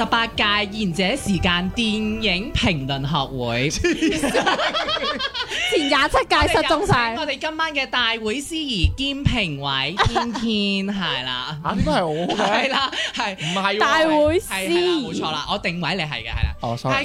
十八屆賢者時間電影評論學會， 前廿七屆失蹤晒。我哋今晚嘅大會司儀兼評委天天係啦，啊都個係我嘅係啦，係唔係大會司儀？冇錯啦，啦，我定位你係嘅係啦，係跟、oh, sorry.。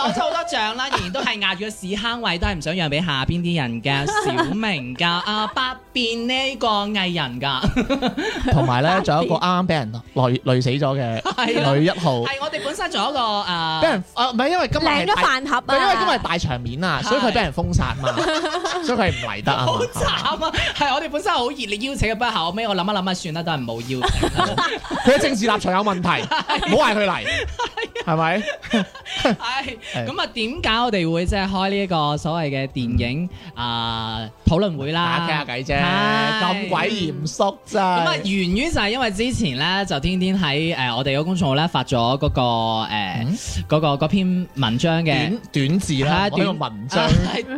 攞咗好多獎啦，仍然都係壓住個屎坑位，都係唔想讓俾下邊啲人嘅小明噶啊，百變呢個藝人噶，同埋咧仲有一個啱啱俾人累累死咗嘅女一號，係我哋本身仲有一個啊俾人啊唔係因為今日領飯盒啊，因為今日大場面啊，所以佢俾人封殺啊嘛，所以佢唔嚟得啊，好慘啊！係我哋本身好熱烈邀請嘅不下，後尾我諗一諗啊，算啦，都係冇邀請。佢嘅政治立場有問題，唔好嗌佢嚟。係咪？係咁啊？點解我哋會即係開呢一個所謂嘅電影啊討論會啦？傾下偈啫，咁鬼嚴肅啫。咁啊，源於就係因為之前咧，就天天喺誒，我哋嘅公眾號咧發咗嗰個誒，嗰個嗰篇文章嘅短字啦，短篇文章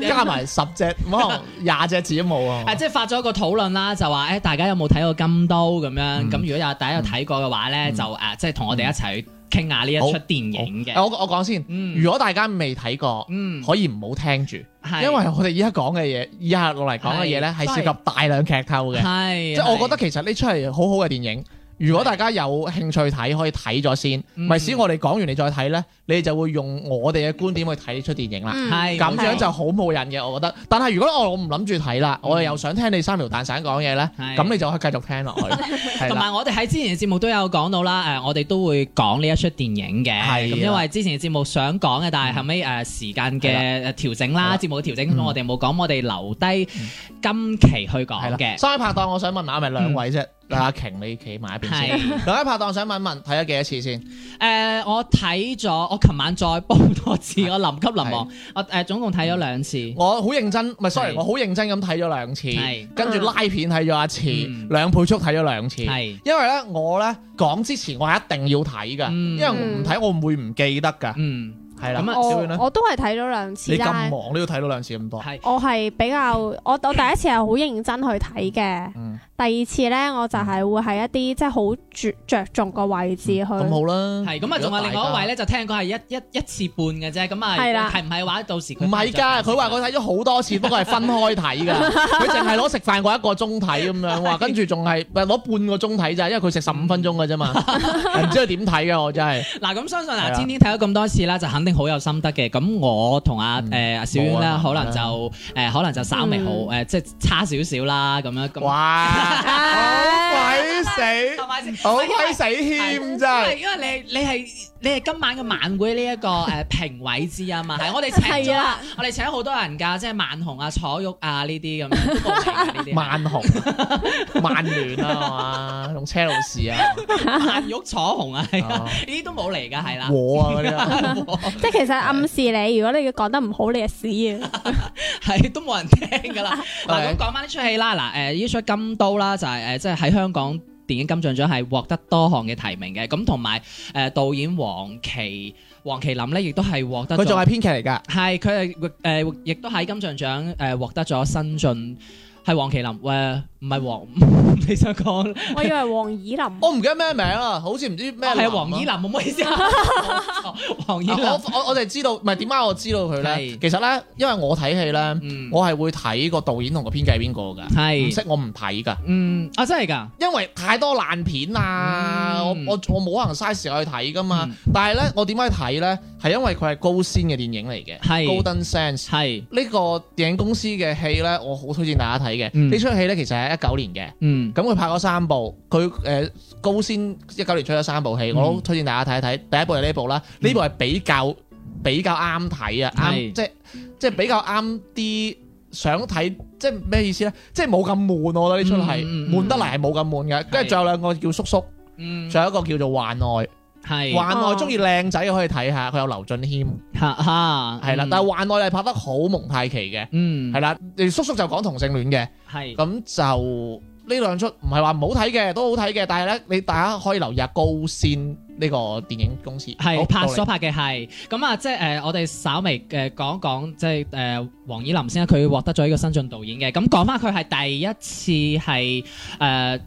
加埋十隻，可能廿隻字都冇啊！誒，即係發咗個討論啦，就話誒，大家有冇睇過《金都》咁樣？咁如果有大家有睇過嘅話咧，就誒，即係同我哋一齊。傾下呢一出電影嘅，我我講先。嗯、如果大家未睇過，嗯、可以唔好聽住，是因為我哋而家講嘅嘢，以下落嚟講嘅嘢咧，係是涉及大量劇透嘅。即係是我覺得其實呢出係好好嘅電影。如果大家有興趣睇，可以睇咗先，咪使我哋講完你再睇呢？你就會用我哋嘅觀點去睇呢出電影啦。係咁樣就好冇癮嘅，我覺得。但係如果我唔諗住睇啦，我又想聽你三條蛋散講嘢呢，咁你就可以繼續聽落去。同埋我哋喺之前嘅節目都有講到啦，誒，我哋都會講呢一出電影嘅。係因為之前嘅節目想講嘅，但係後尾誒時間嘅調整啦，節目嘅調整，我哋冇講，我哋留低今期去講嘅。sorry，拍檔，我想問下，係咪兩位啫？阿瓊，你企埋一邊先。各位拍檔，想問一問，睇咗幾多次先？誒，我睇咗，我琴晚再煲多次，我臨急臨忙，我誒總共睇咗兩次。我好認真，唔係，sorry，我好認真咁睇咗兩次。係，跟住拉片睇咗一次，兩倍速睇咗兩次。係，因為咧我咧講之前，我係一定要睇噶，因為我唔睇，我唔會唔記得噶。係啦，我我都係睇咗兩次，你咁忙都要睇咗兩次咁多。係我係比較，我我第一次係好認真去睇嘅，第二次咧我就係會喺一啲即係好著着重個位置去。咁好啦，咁啊，仲有另外一位咧就聽講係一一一次半嘅啫，咁啊係啦，係唔係話到時唔係噶？佢話佢睇咗好多次，不過係分開睇噶，佢淨係攞食飯嗰一個鐘睇咁樣，話跟住仲係攞半個鐘睇咋，因為佢食十五分鐘嘅啫嘛，唔知佢點睇嘅我真係。嗱咁相信嗱，天天睇咗咁多次啦，就肯定。好有心得嘅，咁我同阿誒阿小娟咧，可能就誒可能就稍微好誒，即係差少少啦，咁樣咁。哇！好鬼死，好鬼死謙啫，因為你係你係你係今晚嘅晚會呢一個誒評委之一嘛，係我哋請咗，我哋請咗好多人㗎，即係萬紅啊、楚玉啊呢啲咁樣呢啲。萬紅萬聯啊嘛，仲車路士啊，萬玉楚紅啊，呢啲都冇嚟㗎，係啦。我啊即係其實暗示你，如果你講得唔好，你就屎 啊！係都冇人聽噶啦。咁講翻呢出戲啦，嗱，誒呢出金都啦，就是呃，就係誒即係喺香港電影金像獎係獲得多項嘅提名嘅。咁同埋誒導演黃綺黃綺琳咧，亦都係獲得。佢仲係編劇嚟噶。係佢係誒亦都喺金像獎誒獲得咗新晉係黃綺琳誒。呃唔係黃，你想講？我以為黃以林。我唔記得咩名啦，好似唔知咩。係黃以林，冇咩意思啊？黃以林，我我哋知道，唔係點解我知道佢咧？其實咧，因為我睇戲咧，我係會睇個導演同個編劇邊個㗎。係，唔識我唔睇㗎。嗯，啊真係㗎，因為太多爛片啊！我我我冇可能嘥時間去睇㗎嘛。但係咧，我點解睇咧？係因為佢係高仙嘅電影嚟嘅，Golden Sense。係呢個電影公司嘅戲咧，我好推薦大家睇嘅。呢出戲咧，其實一九年嘅，咁佢、嗯、拍咗三部，佢誒高先一九年出咗三部戲，我都推薦大家睇一睇。嗯、第一部係呢部啦，呢、嗯、部係比較比較啱睇啊，啱即係即係比較啱啲想睇，即係咩意思咧？即係冇咁悶，我覺得呢出係，悶得嚟係冇咁悶嘅。跟住仲有兩個叫叔叔，仲、嗯、有一個叫做幻愛。係幻是愛中意靚仔嘅可以睇下，佢有劉俊謙吓，係啦、啊啊嗯。但係幻愛係拍得好蒙太奇嘅，嗯，係啦。叔叔就講同性戀嘅，係咁是就呢兩出唔係話唔好睇嘅，都好睇嘅。但係咧，你大家可以留意下高仙呢個電影公司係是拍所拍嘅係咁啊，即係誒，我哋稍微誒講講，即係誒，黃綺琳先啦，佢獲得咗呢個新晉導演嘅。咁講翻佢係第一次係誒。呃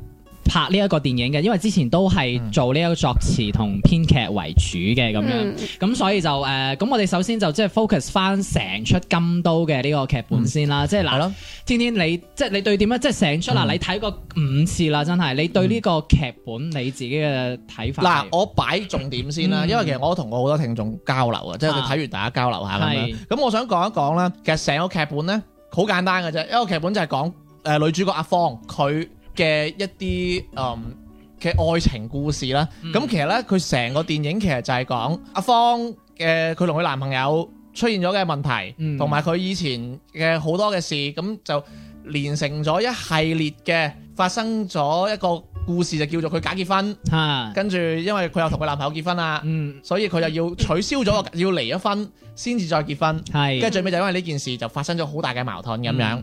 拍呢一個電影嘅，因為之前都係做呢一個作詞同編劇為主嘅咁樣，咁、嗯、所以就誒，咁、呃、我哋首先就即係 focus 翻成出金都嘅呢個劇本先啦，即係嗱，天天你即係你對點樣，即係成出嗱，嗯、你睇過五次啦，真係，你對呢個劇本你自己嘅睇法。嗱、嗯，我擺重點先啦，因為其實我都同我好多聽眾交流啊，嗯、即係睇完大家交流下咁、啊、樣，咁的我想講一講啦，其實成個劇本咧好簡單嘅啫，一個劇本就係講誒女主角阿芳佢。嘅一啲嗯嘅愛情故事啦，咁、嗯、其實呢，佢成個電影其實就係講阿芳嘅佢同佢男朋友出現咗嘅問題，同埋佢以前嘅好多嘅事，咁、嗯、就連成咗一系列嘅發生咗一個故事，就叫做佢假結婚，啊、跟住因為佢又同佢男朋友結婚啦，嗯、所以佢就要取消咗、嗯、要離咗婚先至再結婚，跟住的最尾就因為呢件事就發生咗好大嘅矛盾咁樣。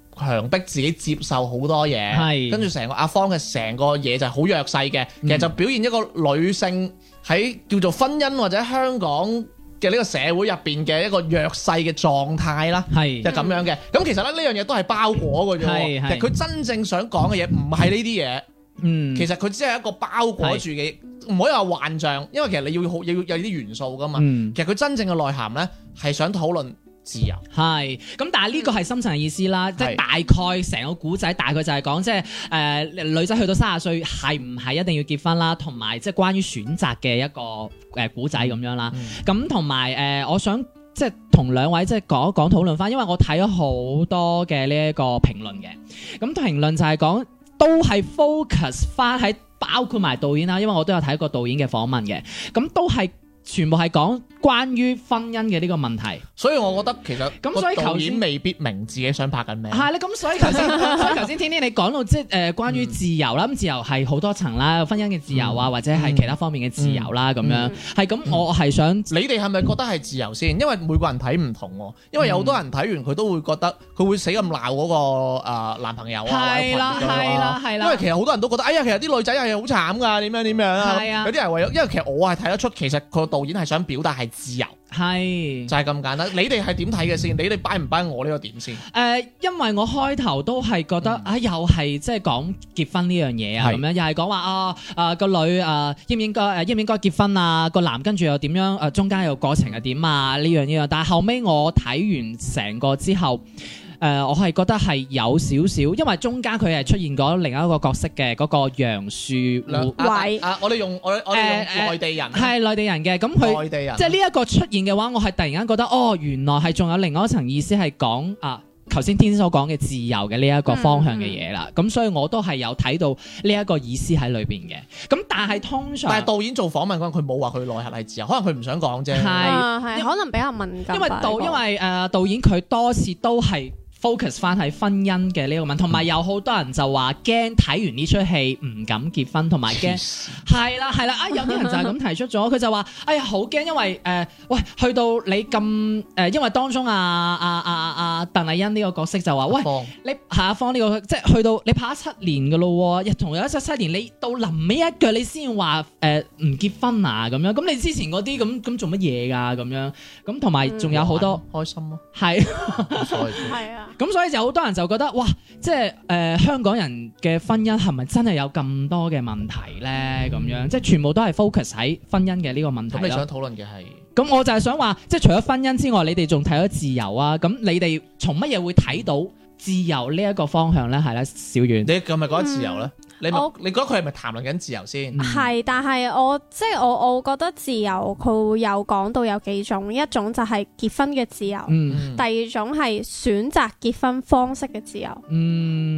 強迫自己接受好多嘢，跟住成個阿芳嘅成個嘢就係好弱勢嘅，嗯、其實就表現一個女性喺叫做婚姻或者香港嘅呢個社會入邊嘅一個弱勢嘅狀態啦，係是就咁樣嘅。咁、嗯、其實咧呢樣嘢、這個、都係包裹嘅啫，佢真正想講嘅嘢唔係呢啲嘢，嗯，其實佢只係一個包裹住嘅，唔是可以話幻象，因為其實你要好要有啲元素噶嘛，嗯、其實佢真正嘅內涵咧係想討論。自由係，咁但係呢個係深層嘅意思啦，嗯、即係大概成個古仔大概就係講，即係誒女仔去到三十歲係唔係一定要結婚啦，同埋即係關於選擇嘅一個誒古仔咁樣啦。咁同埋誒，我想即係同兩位即係講一講討論翻，因為我睇咗好多嘅呢一個評論嘅，咁評論就係講都係 focus 翻喺包括埋導演啦，因為我都有睇過導演嘅訪問嘅，咁都係。全部係講關於婚姻嘅呢個問題，所以我覺得其實咁所以頭先未必明自己想拍緊咩，係啦咁所以頭先，所以頭先，天天你講到即係誒關於自由啦，咁自由係好多層啦，婚姻嘅自由啊，或者係其他方面嘅自由啦，咁樣係咁，我係想你哋係咪覺得係自由先？因為每個人睇唔同，因為有好多人睇完佢都會覺得佢會死咁鬧嗰個誒男朋友啊，係啦係啦係啦，因為其實好多人都覺得，哎呀，其實啲女仔係好慘噶，點樣點樣啊，係啊，有啲人為咗，因為其實我係睇得出，其實佢。導演係想表達係自由，係是就係咁簡單。你哋係點睇嘅先？你哋 buy 唔 buy 我呢個點先？誒、呃，因為我開頭都係覺得，哎、嗯啊，又係即係講結婚呢樣嘢啊，咁樣是又係講話啊啊個女啊、呃、應唔應該誒、呃、應唔應該結婚啊？個男跟住又點樣誒、呃？中間有過程係點啊？呢樣呢樣。但係後尾我睇完成個之後。誒、呃，我係覺得係有少少，因為中間佢係出現咗另一個角色嘅嗰個楊樹，啊，啊啊我哋用、呃、我我哋用地、呃、內地人，係內地人嘅、啊，咁佢即係呢一個出現嘅話，我係突然間覺得，哦，原來係仲有另外一層意思係講啊，頭先天所講嘅自由嘅呢一個方向嘅嘢啦。咁、嗯、所以我都係有睇到呢一個意思喺裏邊嘅。咁但係通常，嗯、但係導演做訪問嗰陣，佢冇話佢內核係自由，可能佢唔想講啫，係是、嗯、可能比較敏感因為、這個，因為導因為誒導演佢多次都係。focus 翻喺婚姻嘅呢個問題，同埋有好多人就話驚睇完呢出戲唔敢結婚，同埋驚係啦係啦啊！有啲人就係咁提出咗，佢就話：哎呀好驚，因為誒喂，去到你咁誒，因為當中啊啊啊啊鄧麗欣呢個角色就話：喂，你夏方呢個即係去到你拍咗七年嘅咯，日同有一七七年，你到臨尾一腳你先話誒唔結婚啊咁樣？咁你之前嗰啲咁咁做乜嘢㗎咁樣？咁同埋仲有好多開心咯，係係啊！咁所以就好多人就覺得，哇，即係誒、呃、香港人嘅婚姻係咪真係有咁多嘅問題咧？咁、嗯、樣，即係全部都係 focus 喺婚姻嘅呢個問題咁、嗯、你想討論嘅係？咁我就係想話，即係除咗婚姻之外，你哋仲睇咗自由啊？咁你哋從乜嘢會睇到自由呢一個方向咧？係啦，小遠，你咁咪講自由咧？嗯你覺得佢係咪談論緊自由先？係，但係我即係我，我覺得自由佢會有講到有幾種，一種就係結婚嘅自由，第二種係選擇結婚方式嘅自由，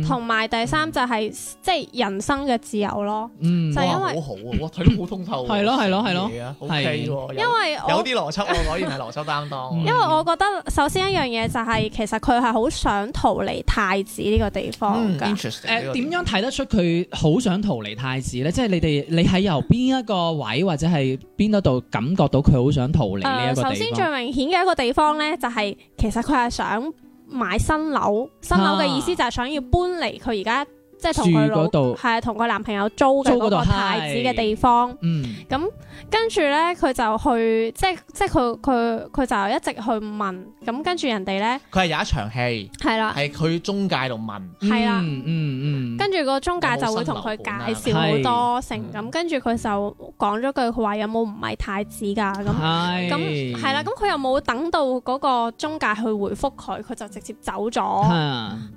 同埋第三就係即係人生嘅自由咯。哇，好好啊！哇，睇到好通透。係咯，係咯，係咯。因為有啲邏輯，我可以係邏輯擔當。因為我覺得首先一樣嘢就係其實佢係好想逃離太子呢個地方嘅。誒，點樣睇得出佢？好想逃離太子咧，即係你哋，你喺由邊一個位或者係邊一度感覺到佢好想逃離呢一個地方？呃、首先最明顯嘅一個地方咧，就是，就係其實佢係想買新樓，新樓嘅意思就係想要搬離佢而家。即係同佢攞到，係啊，同佢男朋友租嘅個太子嘅地方。嗯。咁跟住咧，佢就去，即係即係佢佢佢就一直去問。咁跟住人哋咧，佢係有一場戲，係啦，係佢中介度問。係啦，嗯嗯。跟住個中介就會同佢介紹好多成咁，跟住佢就講咗句佢話有冇唔係太子㗎咁咁係啦。咁佢又冇等到嗰個中介去回覆佢，佢就直接走咗。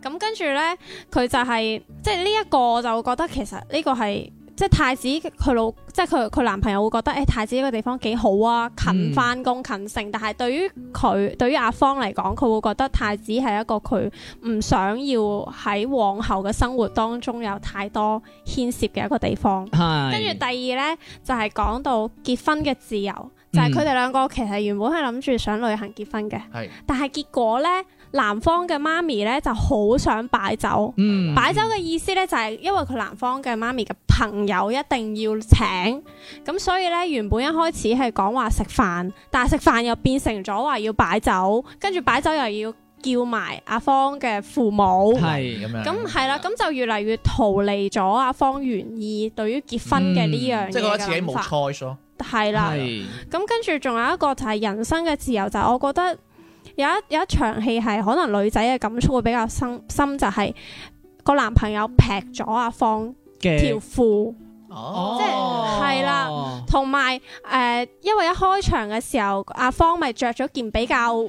咁跟住咧，佢就係即係。呢一個我就覺得，其實呢個係即係太子佢老即係佢佢男朋友會覺得誒、欸、太子呢個地方幾好啊，勤返工勤盛，嗯、但係對於佢對於阿芳嚟講，佢會覺得太子係一個佢唔想要喺往後嘅生活當中有太多牽涉嘅一個地方。跟住是第二呢，就係、是、講到結婚嘅自由，就係佢哋兩個其實原本係諗住想旅行結婚嘅，是但係結果呢。南方嘅媽咪咧就好想擺酒，擺酒嘅意思咧就係因為佢南方嘅媽咪嘅朋友一定要請，咁所以咧原本一開始係講話食飯，但係食飯又變成咗話要擺酒，跟住擺酒又要叫埋阿芳嘅父母，係咁樣，咁係啦，咁就越嚟越逃離咗阿芳原意對於結婚嘅呢樣，即係覺得自己冇 choice，係啦，咁跟住仲有一個就係人生嘅自由，就係我覺得。有一有一場戲係，可能女仔嘅感觸會比較深，深就係、是、個男朋友劈咗阿芳條褲。哦、即係係啦，同埋誒，因為一開場嘅時候，阿芳咪着咗件比較歪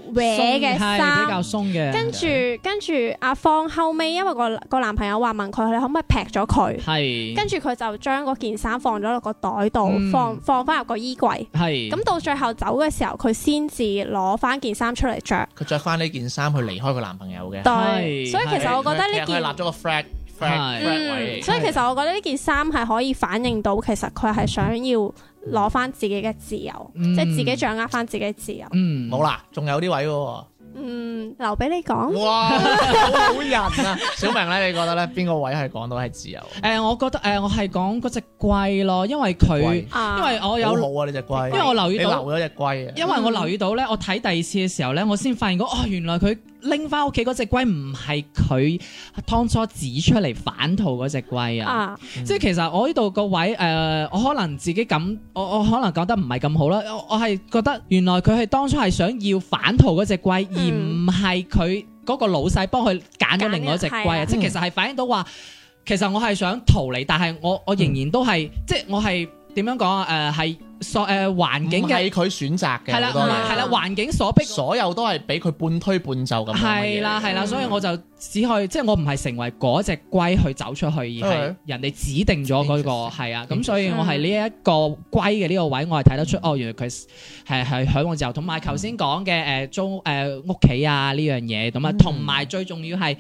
嘅衫，比較鬆嘅。跟住跟住，阿芳後尾，因為個個男朋友話問佢，你可唔可以劈咗佢？係是。跟住佢就將嗰件衫放咗落個袋度、嗯，放放翻入個衣櫃。係是。咁到最後走嘅時候，佢先至攞翻件衫出嚟着。佢着翻呢件衫去離開個男朋友嘅。對。所以其實我覺得呢件。所以其實我覺得呢件衫係可以反映到其實佢係想要攞翻自己嘅自由，嗯、即係自己掌握翻自己嘅自由。嗯，冇啦，仲有啲位喎。嗯，留俾你講。哇，好，好人啊， 小明咧，你覺得咧邊個位係講到係自由？誒、呃，我覺得誒、呃，我係講嗰隻。貴咯，因為佢，啊、因為我有，冇啊！呢隻龜，因為我留意到，留咗隻龜。因為我留意到咧，嗯、我睇第二次嘅時候咧，我先發現哦，原來佢拎翻屋企嗰隻龜唔係佢當初指出嚟反圖嗰隻龜啊！嗯、即係其實我呢度個位，誒、呃，我可能自己咁，我我可能覺得唔係咁好啦，我我係覺得原來佢係當初係想要反圖嗰隻龜，嗯、而唔係佢嗰個老細幫佢揀咗另外一隻龜啊！即係其實係反映到話。嗯其實我係想逃離，但係我我仍然都係，嗯、即係我係點樣講啊？誒、呃，係所誒環、呃、境嘅，係佢選擇嘅，係啦的，係啦，環的因為 境所逼，所有都係俾佢半推半就咁。係啦，係啦，所以我就只可以，即係我唔係成為嗰隻龜去走出去，而係人哋指定咗嗰、嗰個係啊。咁、嗯嗯、所以我係呢一個龜嘅呢個位，我係睇得出哦，原來佢係係向往自由。同埋頭先講嘅誒租誒、呃呃、屋企啊呢樣嘢咁啊，同埋最重要係。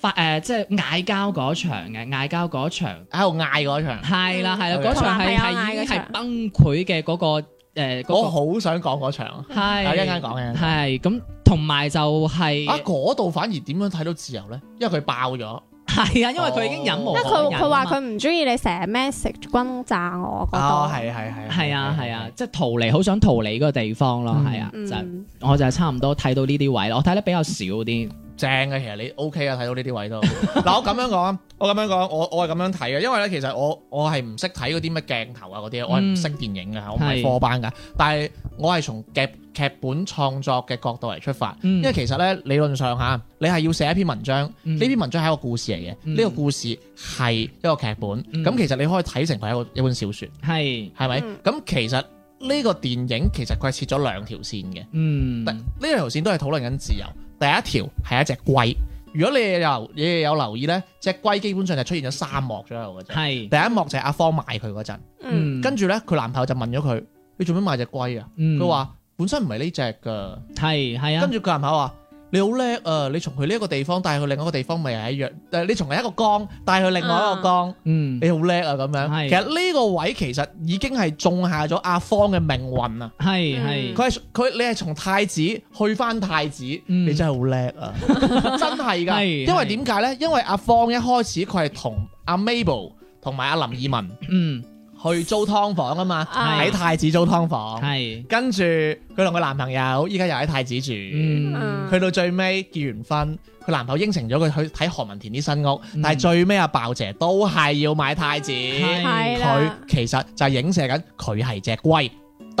發誒，即係嗌交嗰場嘅，嗌交嗰場喺度嗌嗰場，係啦，係啦，嗰場係係已經係崩潰嘅嗰個誒，我好想講嗰場，係一陣間講嘅，係咁同埋就係啊，嗰度反而點樣睇到自由咧？因為佢爆咗，係啊，因為佢已經忍無可忍啊！佢佢話佢唔中意你成日 message 轟炸我，哦，度係係係係啊係啊，即係逃離，好想逃離嗰個地方咯，係啊，就我就係差唔多睇到呢啲位咯，我睇得比較少啲。正嘅，其實你 O K 啊，睇到呢啲位都。嗱，我咁樣講，我咁樣講，我我係咁樣睇嘅，因為咧，其實我我係唔識睇嗰啲咩鏡頭啊嗰啲，我係唔識電影嘅，我唔係科班嘅。但係我係從劇劇本創作嘅角度嚟出發，因為其實咧理論上吓，你係要寫一篇文章，呢篇文章係一個故事嚟嘅，呢個故事係一個劇本。咁其實你可以睇成佢一個一本小説，係係咪？咁其實呢個電影其實佢係切咗兩條線嘅，嗯，呢兩條線都係討論緊自由。第一條係一隻龜，如果你哋有你哋有留意咧，隻龜基本上就出現咗三幕咗右。度嘅是。係第一幕就係阿方賣佢嗰陣，跟住咧佢男朋友就問咗佢：你做咩買隻龜，嗯，隻啊？佢話本身唔係呢隻㗎，係係啊。跟住佢男朋友話。你好叻啊！你從佢呢一個地方帶去另外一個地方，咪係一樣。但係你從另一個江帶去另外一個江，嗯，啊、你好叻啊！咁樣，的其實呢個位其實已經係種下咗阿方嘅命運啊。係係的，佢係佢，你係從太子去返太子，嗯、你真係好叻啊！ 真係噶，的因為點解咧？因為阿方一開始佢係同阿 Mabel 同埋阿林二汶，嗯。去租劏房啊嘛，喺、啊、太子租劏房，係、啊、跟住佢同佢男朋友，依家又喺太子住。嗯，去到最尾結完婚，佢男朋友應承咗佢去睇何文田啲新屋，嗯、但係最尾阿鮑姐都係要買太子，佢、啊啊、其實就影射緊佢係隻龜。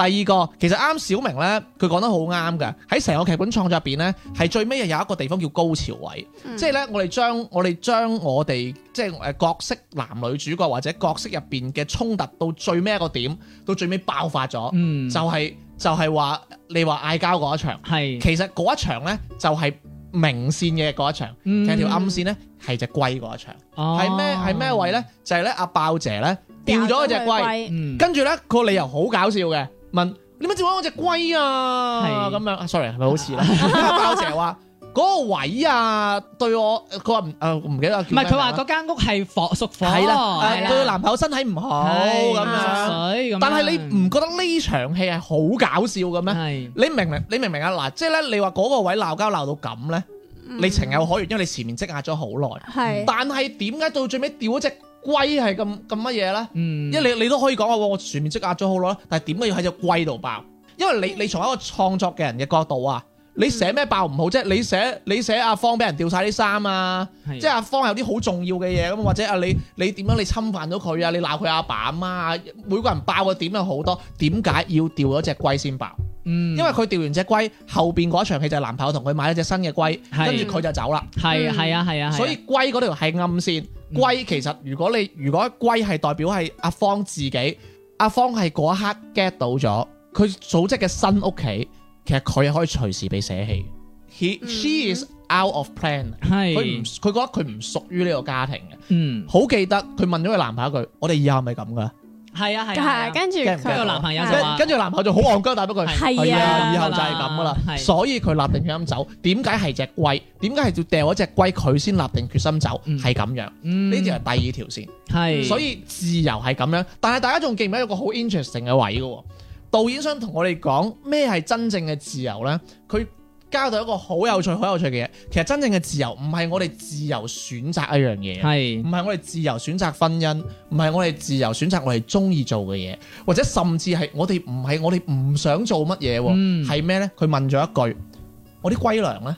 第二個其實啱小明咧，佢講得好啱嘅。喺成個劇本創作入邊咧，係最尾有一個地方叫高潮位，嗯、即係咧，我哋將，將我哋將我哋即係誒角色男女主角或者角色入邊嘅衝突到最尾一個點，到最尾爆發咗、嗯就是，就係就係話你話嗌交嗰一場係，其實嗰一場咧就係明線嘅嗰一場，條暗是、就是、線咧係隻龜嗰一場，係咩係咩位咧？就係咧，阿爆姐咧掉咗隻龜，嗯、跟住咧個理由好搞笑嘅。問你乜做緊我隻龜啊？係咁樣，sorry，係咪好似啦？包姐話嗰個位啊，對我佢話唔誒，唔記得啦。唔係佢話嗰間屋係火屬火，係啦，對男朋友身體唔好咁樣。水咁。但係你唔覺得呢場戲係好搞笑嘅咩？係。你明唔明？你明唔明啊？嗱，即係咧，你話嗰個位鬧交鬧到咁咧，你情有可原，因為你前面積壓咗好耐。係。但係點解到最尾掉隻？龜係咁咁乜嘢呢？嗯，因為你你都可以講啊！我全面積壓咗好耐但係點解要喺隻龜度爆？因為你你從一個創作嘅人嘅角度啊，你寫咩爆唔好啫？你寫你寫阿方俾人掉晒啲衫啊，即係阿方有啲好重要嘅嘢咁，或者阿你你點樣你侵犯到佢啊？你鬧佢阿爸阿媽啊？每個人爆嘅點有好多，點解要掉咗隻龜先爆？嗯，因為佢掉完隻龜後邊嗰一場戲就係男朋友同佢買咗隻新嘅龜，跟住佢就走啦。係係啊係啊，所以龜嗰條係暗線。龜其實如果你如果龜係代表係阿芳自己，阿芳係嗰一刻 get 到咗佢組織嘅新屋企，其實佢可以隨時被捨棄。嗯、He she is out of plan 是。佢唔佢覺得佢唔屬於呢個家庭嘅。嗯，好記得佢問咗佢男朋友一句：我哋以後係咪咁㗎？係啊係，跟住佢有男朋友，跟住男朋友就好戇鳩， 但係不過係啊、哎，以後就係咁噶啦，啊啊啊啊、所以佢立定決心走，點解係隻龜？點解係要掉咗隻龜佢先立定決心走？係咁、嗯、樣，呢啲係第二條線，係、嗯、所以自由係咁樣。但係大家仲記唔記得一個好 interesting 嘅位嘅？導演想同我哋講咩係真正嘅自由咧？佢。交代一個好有趣、好有趣嘅嘢。其實真正嘅自由唔係我哋自由選擇一樣嘢，係唔係我哋自由選擇婚姻，唔係我哋自由選擇我哋中意做嘅嘢，或者甚至係我哋唔係我哋唔想做乜嘢。係咩、嗯、呢？佢問咗一句：我啲龜糧呢，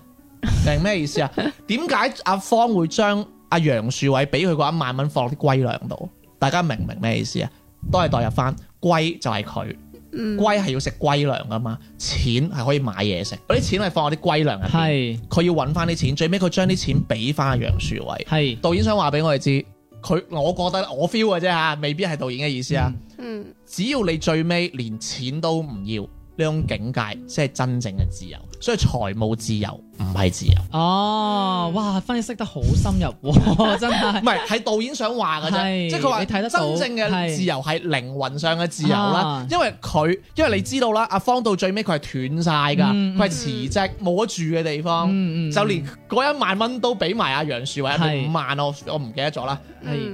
明咩意思啊？點解 阿芳會將阿楊樹偉俾佢嗰一萬蚊放落啲龜糧度？大家明唔明咩意思啊？都係代入翻龜就係佢。龜係要食龜糧噶嘛，錢係可以買嘢食，嗰啲錢係放喺啲龜糧入邊，佢是要揾翻啲錢，最尾佢將啲錢俾翻楊樹偉。係是，導演想話俾我哋知，佢我覺得我 feel 嘅啫嚇，未必係導演嘅意思啊、嗯。嗯，只要你最尾連錢都唔要，呢種境界先係真正嘅自由。所以財務自由唔係自由哦！哇，分析得好深入喎，真係唔係係導演想話嘅啫，即係佢話你睇得真正嘅自由係靈魂上嘅自由啦，因為佢因為你知道啦，阿方到最尾佢係斷晒㗎，佢係辭職冇得住嘅地方，就連嗰一萬蚊都俾埋阿楊樹偉五萬，我我唔記得咗啦，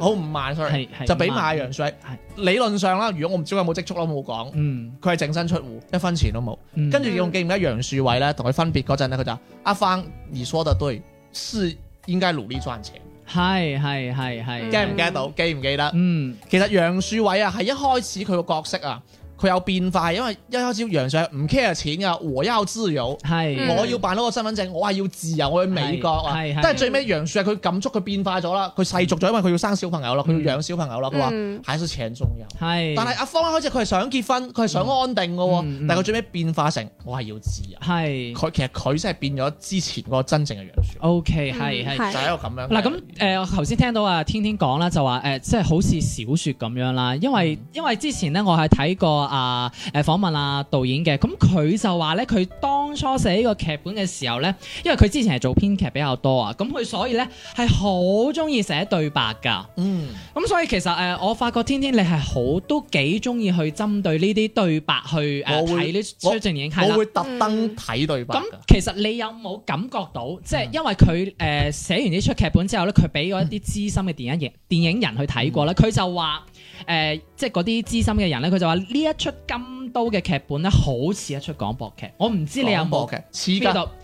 好五萬 sorry，就俾埋阿楊樹偉。理論上啦，如果我唔知有冇積蓄都冇講，佢係整身出戶一分錢都冇，跟住仲記唔記得楊樹偉咧？同佢分別嗰陣咧，佢就阿芳，你說得對，是應該努力賺錢，係係係係， 記唔記到？記唔記得？記記得 嗯， 其實楊樹偉啊，係一開始佢個角色啊。佢有變化，因為一開始楊雪唔 care 錢㗎，我要自由，係我要辦到個身份證，我係要自由，我去美國啊，但係最尾楊雪佢感觸佢變化咗啦，佢世俗咗，因為佢要生小朋友啦，佢要養小朋友啦，佢話係要錢重要，係。但係阿方一開始佢係想結婚，佢係想安定㗎喎，但係佢最尾變化成我係要自由，係。佢其實佢真係變咗之前個真正嘅楊雪。O K 係係就係一個咁樣。嗱咁誒，我頭先聽到啊天天講啦，就話誒，即係好似小説咁樣啦，因為因為之前呢，我係睇過。啊！誒訪問啊，導演嘅咁，佢就話咧，佢當初寫呢個劇本嘅時候咧，因為佢之前係做編劇比較多啊，咁佢所以咧係好中意寫對白噶。嗯，咁所以其實誒、呃，我發覺天天你係好都幾中意去針對呢啲對白去誒睇呢出電影，係我會特登睇對白。咁其實你有冇感覺到？即係因為佢誒寫完呢出劇本之後咧，佢俾咗一啲資深嘅電影業電影人去睇過咧，佢、嗯、就話。誒、呃，即係啲資深嘅人咧，佢就話呢一出金都嘅劇本咧，好似一出廣播劇。我唔知你有冇？廣播劇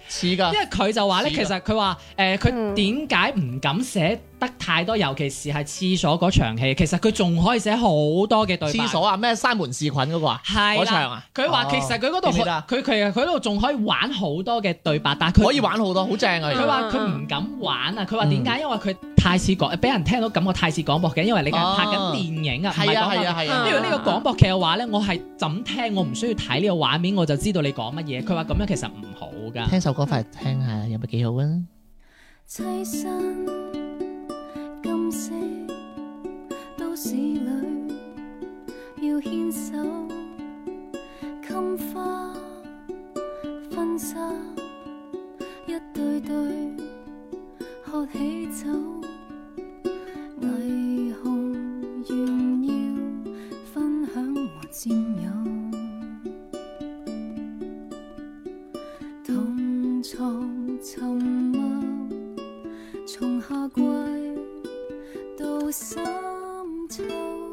似噶，因為佢就話咧，其實佢話誒，佢點解唔敢寫得太多？尤其是係廁所嗰場戲，其實佢仲可以寫好多嘅對白。廁所啊，咩三門市菌嗰個啊？係啊。佢話其實佢嗰度佢其實佢嗰度仲可以玩好多嘅對白，但係佢可以玩好多，好正啊！佢話佢唔敢玩啊！佢話點解？因為佢太似廣，俾人聽到感覺太似廣播劇，因為你拍緊電影啊，係啊係啊係啊！呢個廣播劇嘅話咧，我係聽我唔需要睇呢個畫面，我就知道你講乜嘢。佢話咁樣其實唔好㗎。聽首歌，快啲聽下，有冇幾好啊？嗯 從沉默，從夏季到深秋。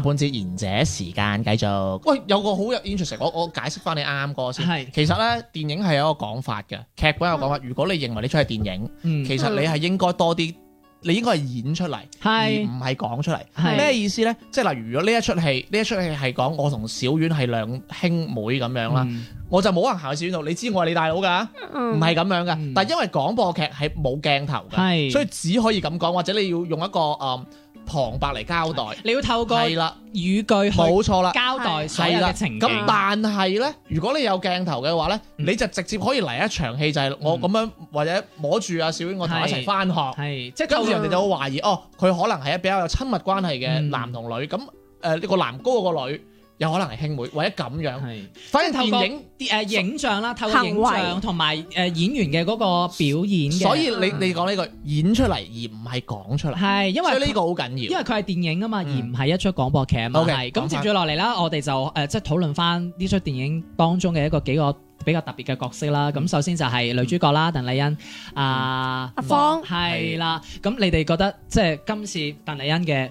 本節賢者時間繼續。喂，有個好有 interesting，我我解釋翻你啱啱個先。係其實咧，電影係有一個講法嘅，劇本有講法。如果你認為呢出係電影，其實你係應該多啲，你應該係演出嚟，而唔係講出嚟。咩意思咧？即係例如，如果呢一出戲，呢一出戲係講我同小婉係兩兄妹咁樣啦，我就冇人行喺小婉度。你知我係你大佬噶，唔係咁樣噶。但係因為廣播劇係冇鏡頭嘅，所以只可以咁講，或者你要用一個誒。旁白嚟交代，你要透過係啦，語句冇錯啦，交代所有嘅情景。咁但係咧，如果你有鏡頭嘅話咧，嗯、你就直接可以嚟一場戲，就係、係、我咁樣、嗯、或者摸住阿小英，我同佢一齊返學。係，即係跟住人哋就會懷疑哦，佢可能係一比較有親密關係嘅男同女。咁誒呢個男高個女，有可能係兄妹，或者咁樣。係，反正透過啲誒影像啦，透過影像同埋誒演員嘅嗰個表演。所以你你講呢個演出嚟，而唔係講出嚟。係，因為呢個好緊要。因為佢係電影啊嘛，而唔係一出廣播劇啊嘛。OK，咁接住落嚟啦，我哋就誒即係討論翻呢出電影當中嘅一個幾個比較特別嘅角色啦。咁首先就係女主角啦，鄧麗欣。阿阿芳，係啦。咁你哋覺得即係今次鄧麗欣嘅？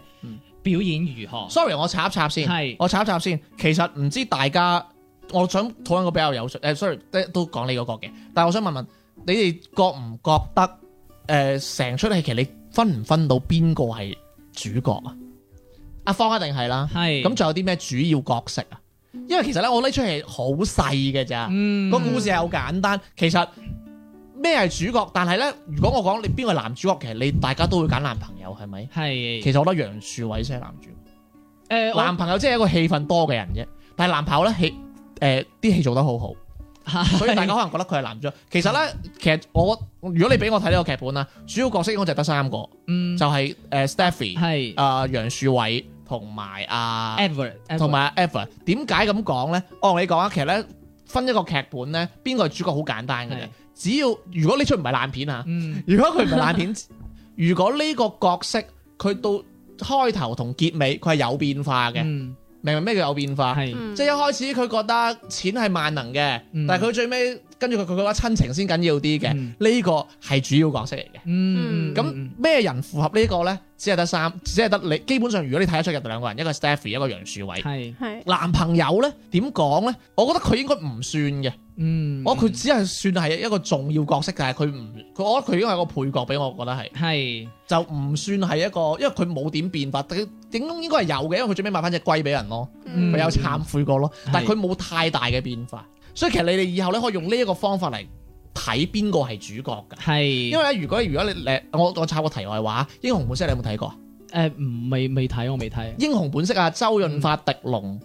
表演如何？Sorry，我插一插先。係是，我插一插先。其實唔知大家，我想討論個比較有趣。誒，呃，Sorry，都都講呢個角嘅。但係我想問問你哋覺唔覺得？誒，呃，成出戲其實你分唔分到邊個係主角啊？阿方一定係啦。係是。咁仲有啲咩主要角色啊？因為其實咧，我呢出戲好細嘅咋。嗯。個故事係好簡單，其實。咩係主角？但係咧，如果我講你邊個男主角，其實你大家都會揀男朋友，係咪？係的。其實我覺得楊樹偉先係男主角。誒、呃，男朋友即係一個戲份多嘅人啫。但係男朋友咧戲誒啲戲做得好好，所以大家可能覺得佢係男主角。的其實咧，其實我如果你俾我睇呢個劇本啦，主要角色應該就得三個，嗯，就係誒 Stephie，係，阿楊樹偉同埋阿 Edward 同埋阿 Edward。點解咁講咧？我同你講啊，其實咧分一個劇本咧，邊個係主角好簡單嘅啫。只要如果呢出唔係爛片啊，如果佢唔係爛片，嗯、如果呢 個角色佢到開頭同結尾佢係有變化嘅。嗯明白咩叫有變化？係，即係一開始佢覺得錢係萬能嘅，但係佢最尾跟住佢佢覺得親情先緊要啲嘅，呢個係主要角色嚟嘅。嗯，咁咩人符合呢個咧？只係得三，只係得你。基本上如果你睇得出入兩個人，一個 Stephy，一個楊樹偉，係係男朋友咧？點講咧？我覺得佢應該唔算嘅。嗯，我佢只係算係一個重要角色，但係佢唔，我我覺得佢應該係個配角，俾我覺得係。係就唔算係一個，因為佢冇點變化。整宗應該係有嘅，因為佢最屘買翻隻龜俾人咯，佢有懺悔過咯，但係佢冇太大嘅變化，所以其實你哋以後咧可以用呢一個方法嚟睇邊個係主角㗎。係，因為咧，如果如果你誒我我插個題外話，《英雄本色》你有冇睇過？誒，未未睇，我未睇《英雄本色》啊，周潤發、狄龍、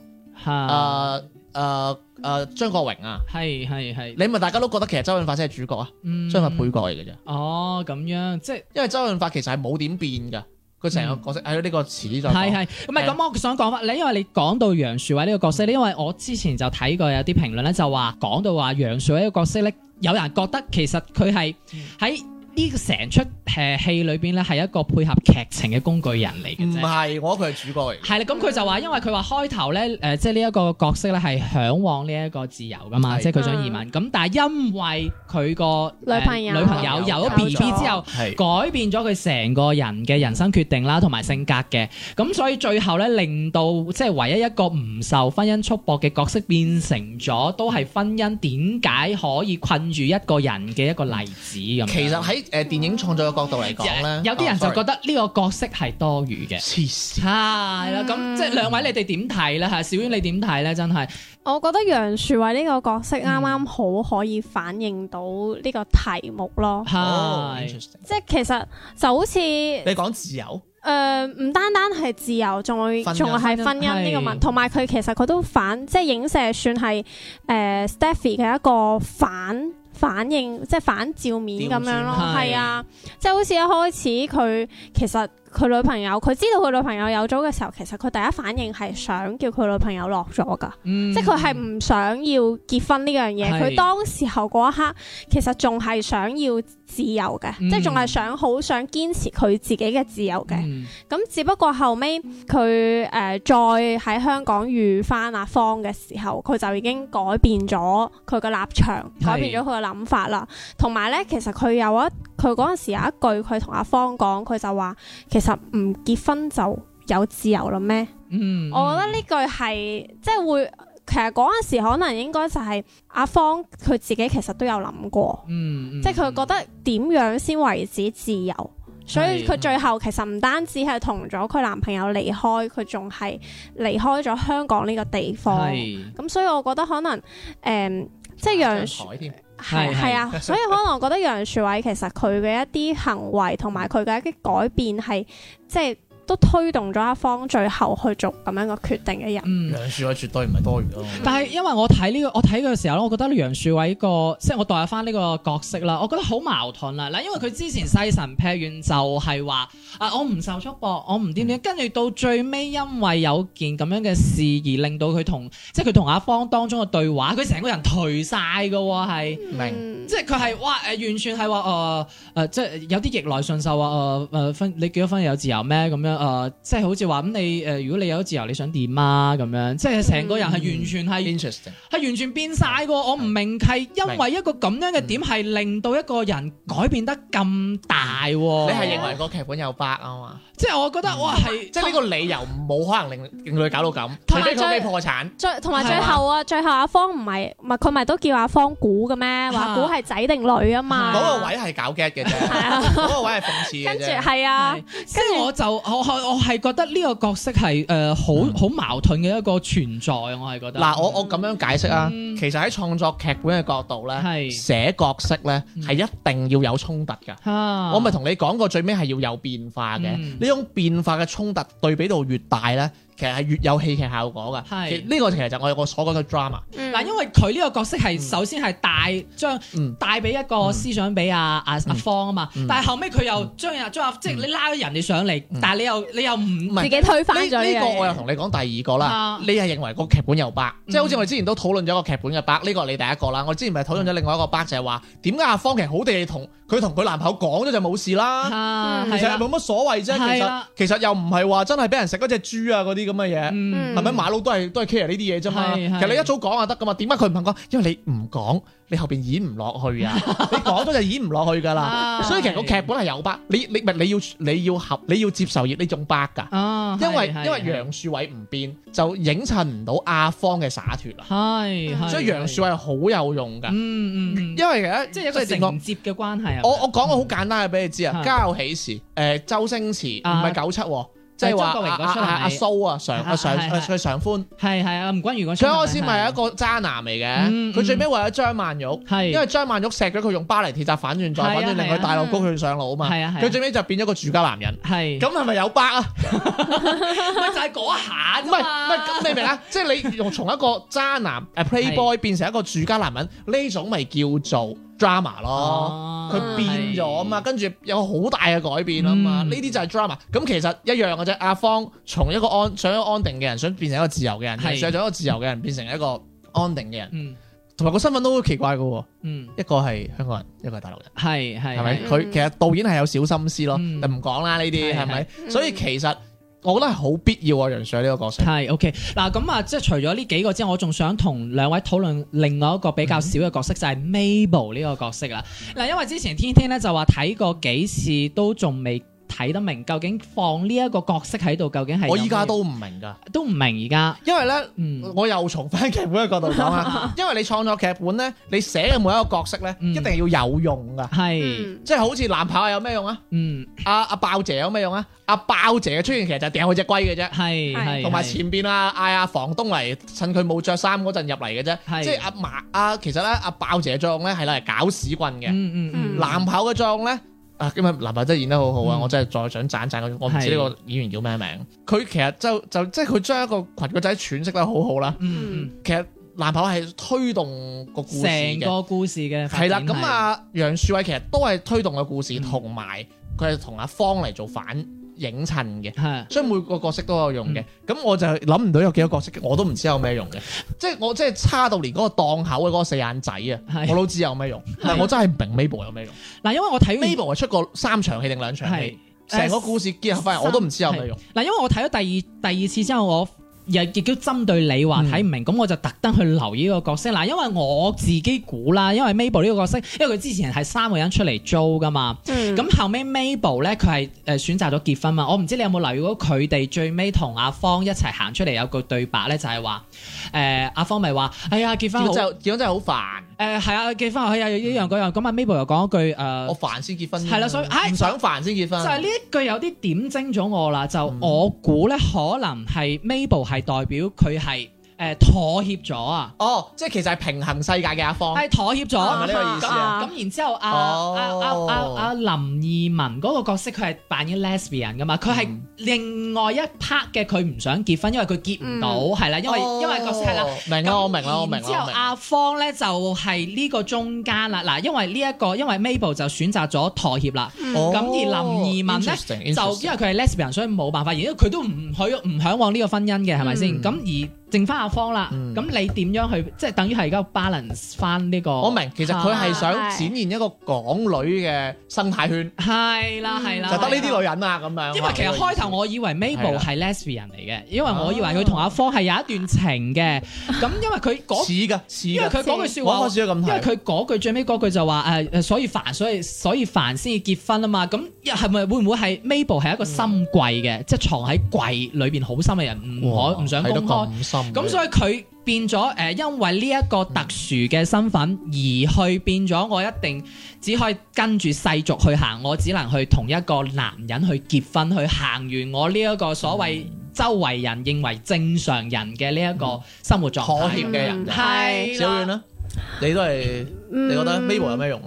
誒誒誒張國榮啊，係係係，你咪大家都覺得其實周潤發先係主角啊，張係配角嚟嘅啫。哦，咁樣即係因為周潤發其實係冇點變㗎。佢成個角色，喺呢、嗯、個詞度，係係是，唔係咁，我想講翻你，因為你講到楊樹偉呢個角色咧，因為我之前就睇過有啲評論咧，就話講到話楊樹偉呢個角色咧，有人覺得其實佢係喺。嗯呢個成出誒戲裏邊咧，係一個配合劇情嘅工具人嚟嘅。唔係，我佢係主角嚟。係啦，咁佢就話，因為佢話開頭咧誒，即係呢一個角色咧係嚮往呢一個自由噶嘛，的即係佢想移民。咁、嗯、但係因為佢個女朋友、呃、女朋友有咗 B B 之後，的改變咗佢成個人嘅人生決定啦，同埋性格嘅。咁的所以最後咧，令到即係唯一一個唔受婚姻束縛嘅角色變成咗都係婚姻點解可以困住一個人嘅一個例子咁。嗯、其實喺誒、呃，電影創作嘅角度嚟講咧，有啲人就覺得呢個角色係多餘嘅，係啦。咁、啊嗯、即係兩位你哋點睇咧？吓，小娟你點睇咧？真係，我覺得楊樹偉呢個角色啱啱好可以反映到呢個題目咯。係、嗯，oh, interesting. 即係其實就好似你講自由，誒、呃，唔單單係自由，仲仲係婚姻呢個問，同埋佢其實佢都反，即係影射算係誒，Stephy 嘅一個反。反應即係反照面咁樣咯，係啊，的的即係好似一開始佢其實。佢女朋友，佢知道佢女朋友有咗嘅時候，其實佢第一反應係想叫佢女朋友落咗噶。嗯、即係佢係唔想要結婚呢樣嘢。佢是當時候嗰一刻，其實仲係想要自由嘅，嗯、即係仲係想好想堅持佢自己嘅自由嘅。咁、嗯、只不過後尾，佢誒、呃、再喺香港遇翻阿方嘅時候，佢就已經改變咗佢嘅立場，改變咗佢嘅諗法啦。同埋咧，其實佢有一。佢嗰陣時有一句，佢同阿芳講，佢就話：其實唔結婚就有自由啦咩、嗯？嗯，我覺得呢句係即係會，其實嗰陣時可能應該就係、是、阿芳，佢自己其實都有諗過，嗯嗯、即係佢覺得點樣先為止自由？嗯嗯、所以佢最後其實唔單止係同咗佢男朋友離開，佢仲係離開咗香港呢個地方。咁、嗯嗯嗯、所以我覺得可能誒，嗯啊、即係楊、啊係係啊，是是，所以可能我覺得楊樹偉，其實佢嘅一啲行為同埋佢嘅一啲改變係即係。就是都推動咗阿方最後去做咁樣嘅決定嘅人。嗯，楊樹偉絕對唔係多餘咯。嗯、但係因為我睇呢、呢個，我睇嘅時候我覺得楊樹偉、呢個，即係我代入翻呢個角色啦，我覺得好矛盾啦。嗱，因為佢之前西神劈完就係話啊，我唔受束縛，我唔點點。跟住到最尾，因為有件咁樣嘅事而令到佢同，即係佢同阿方當中嘅對話，佢成個人頹晒㗎喎，係明、嗯呃呃呃呃，即係佢係哇，誒完全係話誒誒，即係有啲逆來順受啊，誒、呃、誒、呃呃、分你結咗婚有自由咩咁樣？誒，即係好似話咁你誒，如果你有自由，你想點啊？咁樣，即係成個人係完全係，係完全變晒嘅。我唔明係因為一個咁樣嘅點，係令到一個人改變得咁大。你係認為個劇本有白啊嘛？即係我覺得我係即係呢個理由冇可能令令佢搞到咁，同埋最破產最同埋最後啊，最後阿方唔係咪佢咪都叫阿方估嘅咩？話估係仔定女啊嘛？嗰個位係搞 gag 嘅啫，嗰個位係諷刺嘅啫。係啊，即係我就我。我我係覺得呢個角色係誒好好矛盾嘅一個存在，我係覺得。嗱、嗯，我我咁樣解釋啊，嗯、其實喺創作劇本嘅角度咧，是寫角色咧係、嗯、一定要有衝突㗎。哈我咪同你講過，最尾係要有變化嘅。呢、嗯、種變化嘅衝突對比度越大咧，其實係越有戲劇效果嘅。呢個其實就我我所講嘅 drama。嗱，因為佢呢個角色係首先係帶將帶俾一個思想俾阿阿阿方啊嘛，但係後尾佢又將阿將即係你拉人哋上嚟，但係你又你又唔自己推翻咗呢個，呢個我又同你講第二個啦。你係認為個劇本有 bug，即係好似我之前都討論咗個劇本嘅 bug，呢個你第一個啦。我之前咪討論咗另外一個 bug 就係話，點解阿方其實好地地同。佢同佢男朋友講咗就冇事啦，嗯、其實冇乜所謂啫。啊、其實、啊、其實又唔係話真係俾人食嗰隻豬啊嗰啲咁嘅嘢，係咪、嗯、馬佬都係都 care 呢啲嘢啫嘛？其實你一早講啊得㗎嘛，點解佢唔肯講？因為你唔講。你後邊演唔落去啊！你講咗就演唔落去噶啦，所以其實個劇本係有 bug，你你唔你要你要合你要接受呢種 bug 噶，因為因為楊樹偉唔變就影襯唔到阿方嘅灑脱啊，係，所以楊樹偉係好有用噶，嗯嗯，因為其實即係一個承接嘅關係啊，我我講個好簡單嘅俾你知啊，家有喜事，誒周星馳唔係九七喎。即係張國榮嗰出阿阿蘇啊，常啊常佢常歡，係係啊吳君如嗰出，佢一開始咪係一個渣男嚟嘅。佢最尾為咗張曼玉，係因為張曼玉錫咗佢用巴黎鐵塔反轉，再反轉令佢大陸高去上路啊嘛。佢最尾就變咗個住家男人。係咁係咪有包啊？咪就係嗰下，唔係唔係。你明啦，即係你從從一個渣男誒 playboy 變成一個住家男人呢種咪叫做 drama 咯，佢、哦、變咗啊嘛，是跟住有好大嘅改變啊嘛，呢啲、嗯、就係 drama、嗯。咁其實一樣嘅啫，阿芳從一個安想一個安定嘅人，想變成一個自由嘅人，而、嗯、上咗一個自由嘅人變成一個安定嘅人，同埋個身份都好奇怪嘅喎，一個係香港人，一個係大陸人，係係係咪？佢其實導演係有小心思咯，唔講、嗯、啦呢啲係咪？所以其實。其實我覺得係好必要啊，楊 Sir 呢個角色係 OK 嗱，咁啊，即 除咗呢幾個之外，我仲想同兩位討論另外一個比較少嘅角色，就係、是、Mabel 呢個角色啦。嗱，因為之前天天呢就話睇過幾次都還沒，都仲未。睇得明究竟放呢一個角色喺度究竟係，我依家都唔明噶，都唔明而家。因為咧，嗯，我又從翻劇本嘅角度講啦。 因為你創作劇本咧，你寫嘅每一個角色咧，一定要有用噶。係、嗯，即係好似男跑有咩用、嗯、啊？嗯，阿阿爆姐有咩用啊？阿爆姐嘅出現其實就掟佢隻龜嘅啫。係同埋前邊啊，嗌阿房東嚟趁佢冇着衫嗰陣入嚟嘅啫。是是即係阿麻阿，其實咧、啊、阿爆姐嘅作用咧係嚟搞屎棍嘅、嗯。嗯嗯嗯。男跑嘅作用咧。啊！咁啊，男朋友真係演得好好啊，嗯、我真係再想讚一讚，我唔知呢個演員叫咩名。佢是其實就就即係佢將一個群嘅仔詮釋得好好、啊、啦。嗯，其實男朋友係推動故個故事成個故事嘅係啦。咁啊，楊樹偉其實都係推動嘅故事，同埋佢係同阿方嚟做反。嗯影襯嘅，所以每個角色都有用嘅。咁的我就係諗唔到有幾多角色，我都唔知有咩用嘅。 即係我即係差到連嗰個檔口嘅嗰個四眼仔啊，的我都知有咩用，的但係我真係唔明 Mabel 有咩用。嗱，因為我睇 Mabel 係出過三場戲定兩場戲，成的個故事結合翻嚟，我都唔知有咩用。嗱，因為我睇咗第二第二次之後我。亦都針對你話睇唔明，咁、嗯、我就特登去留意呢個角色。嗱，因為我自己估啦，因為 Mabel 呢個角色，因為佢之前係三個人出嚟租噶嘛。嗯。咁後尾 Mabel 咧，佢係誒選擇咗結婚嘛。我唔知你有冇留意到佢哋最尾同阿方一齊行出嚟有個對白咧，就係話誒阿方咪話，哎呀結婚，就結婚真係好煩。誒係、呃、啊，結婚啊，哎呀依樣嗰樣。咁啊、嗯、，Mabel 又講一句誒，呃、我煩先結，啊哎、結婚。係啦，所以唔想煩先結婚。就係呢一句有啲點，點睛咗我啦。就我估咧，嗯、可能係 Mabel 係。係代表佢係。誒，妥協咗啊！哦，即係其實係平衡世界嘅阿方，係妥協咗，呢個意思，咁然之後，阿阿阿阿林二汶嗰個角色佢係扮演 lesbian 噶嘛？佢係另外一 part 嘅，佢唔想結婚，因為佢結唔到，係啦，因為因為角色係啦，明啊，我明啦，我明啦。之後阿方咧就係呢個中間啦，嗱，因為呢一個，因為 Mabel 就選擇咗妥協啦，咁而林二汶咧就因為佢係 lesbian，所以冇辦法，因為佢都唔佢唔嚮往呢個婚姻嘅，係咪先？咁而剩翻阿方啦，咁你點樣去即係等於係而家 balance 翻呢個？我明，其實佢係想展現一個港女嘅生態圈。係啦，係啦，就得呢啲女人啊咁樣。因為其實開頭我以為 Mabel 係 Lesbian 嚟嘅，因為我以為佢同阿方係有一段情嘅。咁因為佢講，似㗎，似㗎，因為佢講嗰句説話，因為佢嗰句最尾嗰句就話誒，所以煩，所以所以煩先至結婚啊嘛。咁係咪會唔會係 Mabel 係一個深櫃嘅，即係藏喺櫃裏邊好深嘅人，唔唔想公咁、嗯、所以佢變咗誒、呃，因為呢一個特殊嘅身份、嗯、而去變咗，我一定只可以跟住世俗去行，我只能去同一個男人去結婚，去行完我呢一個所謂周圍人認為正常人嘅呢一個生活狀態可憐嘅、嗯、人，嗯啊、小遠啦，你都係你覺得 Mable 有咩用？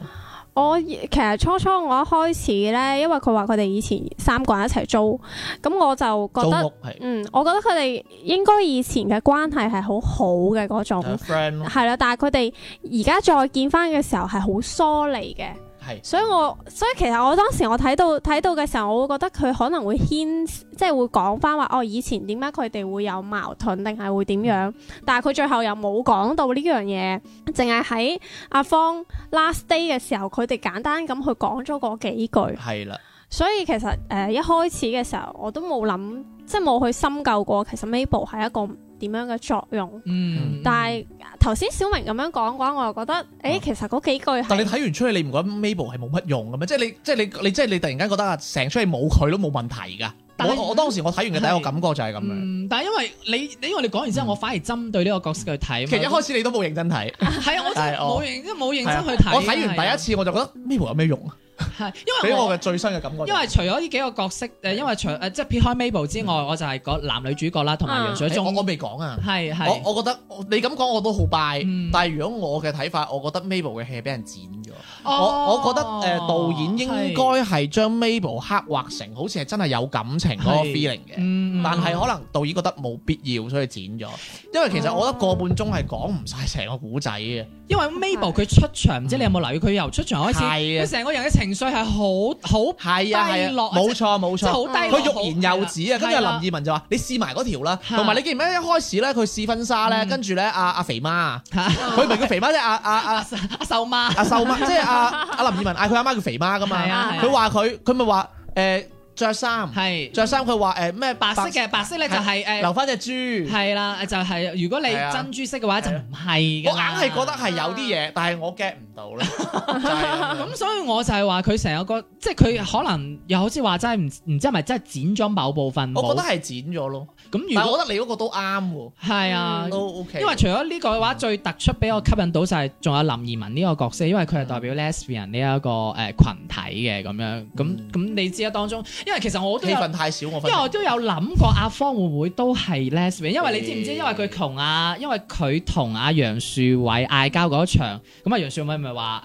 我其實初初我一開始咧，因為佢話佢哋以前三個人一齊租，咁我就覺得，嗯，我覺得佢哋應該以前嘅關係係好好嘅嗰種，係啦 A friend.，但係佢哋而家再見翻嘅時候係好疏離嘅。係，所以我所以其實我當時我睇到睇到嘅時候，我會覺得佢可能會牽，即係會講翻話哦，以前點解佢哋會有矛盾定係會點樣，但係佢最後又冇講到呢樣嘢，淨係喺阿方 last day 嘅時候，佢哋簡單咁去講咗嗰幾句。係啦的，所以其實誒、呃、一開始嘅時候我都冇諗，即係冇去深究過其實 Mabel 係一個。點樣嘅作用？嗯，但係頭先小明咁樣講嘅話，我又覺得，誒、欸，其實嗰幾句，但你睇完出去，你唔覺得 Mabel 係冇乜用嘅咩？即係你，即係你，你即係你，即你突然間覺得啊，成出戲冇佢都冇問題噶。是我我當時我睇完嘅第一個感覺就係咁樣。嗯、但係因為你，你因為你講完之後，嗯、我反而針對呢個角色去睇。其實一開始你都冇認真睇，係啊， 我真係冇認冇認真去睇。 我睇 完第一次我就覺得 Mabel 有咩用啊？係，因為俾我嘅最新嘅感覺， 因為除咗呢幾個角色，誒，是的 因為除誒，即係撇開 Mabel 之外，嗯、我就係講男女主角啦，同埋楊水忠，我未講啊，係係是的，我我覺得你咁講我都好 b 但係如果我嘅睇法，我覺得 Mabel 嘅戲係俾人剪咗。我我覺得誒導演應該係將 Mabel 刻畫成好似係真係有感情嗰個 feeling 嘅，但係可能導演覺得冇必要所以剪咗，因為其實我覺得個半鐘係講唔晒成個古仔嘅。因為 Mabel 佢出場，唔知你有冇留意？佢由出場開始，佢成個人嘅情緒係好好低落，冇錯冇錯，佢欲言又止啊！跟住林二汶就話：你試埋嗰條啦，同埋你記唔記得一開始咧，佢試婚紗咧，跟住咧，阿阿肥媽佢唔係叫肥媽啫，阿阿阿瘦媽，阿瘦媽，即係阿。阿 啊、林志文嗌佢阿媽叫肥媽㗎嘛，佢話佢佢咪話誒。着衫係着衫，佢話誒，咩白色嘅？白色咧就係誒留翻隻豬係啦，就係如果你珍珠色嘅話就唔係嘅。我硬係覺得係有啲嘢，但係我 get 唔到咧。咁所以我就係話佢成日個即係佢可能又好似話真係唔唔知係咪真係剪咗某部分？我覺得係剪咗咯。咁但係我覺得你嗰個都啱嘅。係啊，都 OK。因為除咗呢個嘅話，最突出俾我吸引到晒，仲有林二汶呢個角色，因為佢係代表 lesbian 呢一個誒群體嘅咁樣。咁咁你知啊當中。因為其實我都有，太少，我因為我都有諗過阿方會唔會都係 les，因為你知唔知？因為佢窮啊，因為佢同阿楊樹偉嗌交嗰場，咁啊楊樹偉咪話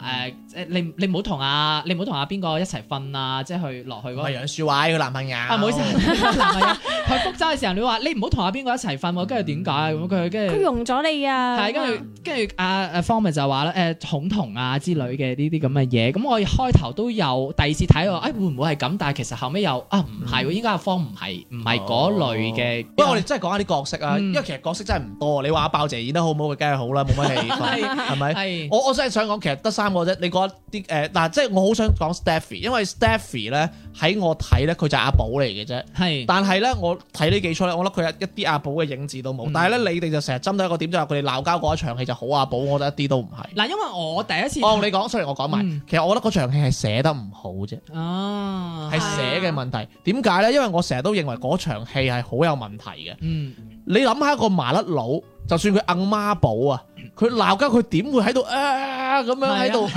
誒誒，你你唔好同阿你唔好同阿邊個一齊瞓啊，即係去落去嗰。係楊樹偉佢男朋友。啊，唔好意思，去福州嘅時候你話你唔好同阿邊個一齊瞓啊，跟住點解咁佢跟？佢用咗你啊！跟住跟住阿阿方咪就話咧誒，恐同啊之類嘅呢啲咁嘅嘢。咁我開頭都有第二次睇過，誒會唔會係咁？但係其實後尾。有。啊，唔係，而家阿方唔係唔係嗰類嘅。不過我哋真係講下啲角色啊，因為其實角色真係唔多。你話阿鮑姐演得好唔好，佢梗係好啦，冇乜戲，係咪？我我真係想講，其實得三個啫。你覺得啲誒嗱，即係我好想講 Stephy，因為 Stephy 咧喺我睇咧，佢就阿寶嚟嘅啫。係，但係咧我睇呢幾出咧，我諗佢一啲阿寶嘅影子都冇。但係咧，你哋就成日針對一個點，就係佢哋鬧交嗰一場戲就好阿寶，我覺得一啲都唔係。嗱，因為我第一次哦，你講出嚟，所以我講埋。其實我覺得嗰場戲係寫得唔好啫。哦，係寫嘅問。問題點解呢？因為我成日都認為嗰場戲係好有問題嘅。嗯，你諗下一個麻甩佬，就算佢硬媽寶啊，佢鬧交佢點會喺度啊咁樣喺度？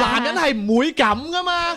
男人係唔會咁噶嘛？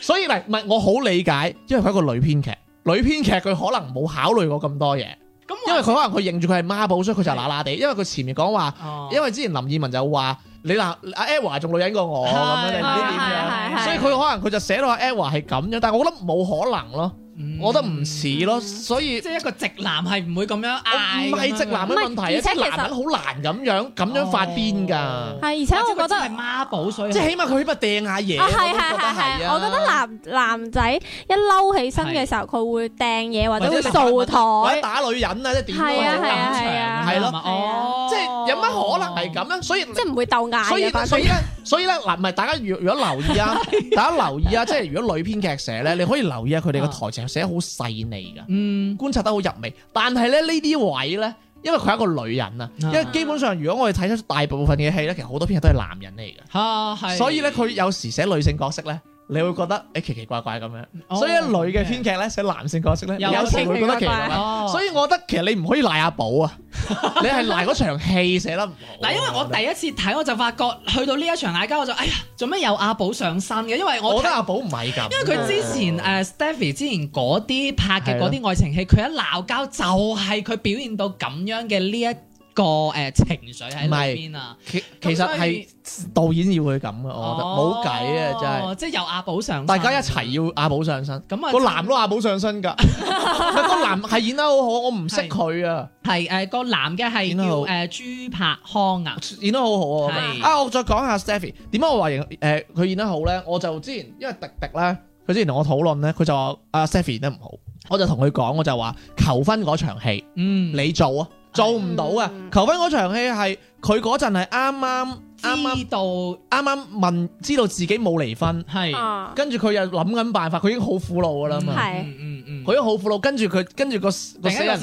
所以嚟係我好理解，因為佢係一個女編劇，女編劇佢可能冇考慮過咁多嘢，嗯、因為佢可能佢認住佢係媽寶，所以佢就嗱嗱地。的因為佢前面講話，因為之前林二汶就話。你嗱阿 Eva 仲女人過我咁樣， 你唔知點樣？所以佢可能佢就寫到阿 Eva 係咁樣，但係我覺得冇可能咯。我覺得唔似咯，所以即係一個直男係唔會咁樣嗌。唔係直男嘅問題啊，而且男人好難咁樣咁樣發癲㗎。係，而且我覺得即係孖寶，所以即係起碼佢起碼掟下嘢。我覺得我覺得男男仔一嬲起身嘅時候，佢會掟嘢或者掃堂，或者打女人啊，即係點都咯，哦，即係有乜可能係咁啊？所以即係唔會鬥嗌。所以，所以咧，嗱，唔大家若如果留意啊，大家留意啊，即係如果女編劇寫咧，你可以留意下佢哋嘅台詞。寫好細膩噶，觀察得好入味。但係咧，呢啲位咧，因為佢係一個女人啊，因為基本上如果我哋睇出大部分嘅戲咧，其實好多片都係男人嚟嘅。啊、係、所以咧，佢有時寫女性角色咧。你會覺得誒奇、欸、奇怪怪咁樣，哦、所以一女嘅編劇咧寫男性角色咧，又有時會覺得奇怪，怪、怪。哦、所以我覺得其實你唔可以賴阿寶啊， 你係賴嗰場戲寫得唔好。嗱， 因為我第一次睇我就發覺去到呢一場嗌交，我就哎呀，做咩有阿寶上身嘅？因為我，我覺得阿寶唔係咁，因為佢之前誒、哎呦 uh,，Stephy 之前嗰啲拍嘅嗰啲愛情戲，佢是、啊、一鬧交就係佢表現到咁樣嘅呢一。個誒情緒喺邊啊？其其實係導演要佢咁噶，我覺得冇計啊，真係。即係由阿寶上身，大家一齊要阿寶上身。咁啊個男都阿寶上身噶，個男係演得好好，我唔識佢啊。係誒個男嘅係叫誒朱柏康啊，演得好好啊。啊，我再講下 Stephy，點解我話誒佢演得好咧？我就之前因為迪迪咧，佢之前同我討論咧，佢就話阿 Stephy 演得唔好，我就同佢講，我就話求婚嗰場戲，嗯，你做啊。做唔到啊！嗯、求婚嗰場戲係佢嗰陣，係啱啱知道，啱啱問，知道自己冇離婚，係是，跟住佢又諗緊辦法，佢已經好苦惱噶啦嘛，嗯嗯嗯，佢已經好苦惱，跟住佢跟住、嗰個個死人，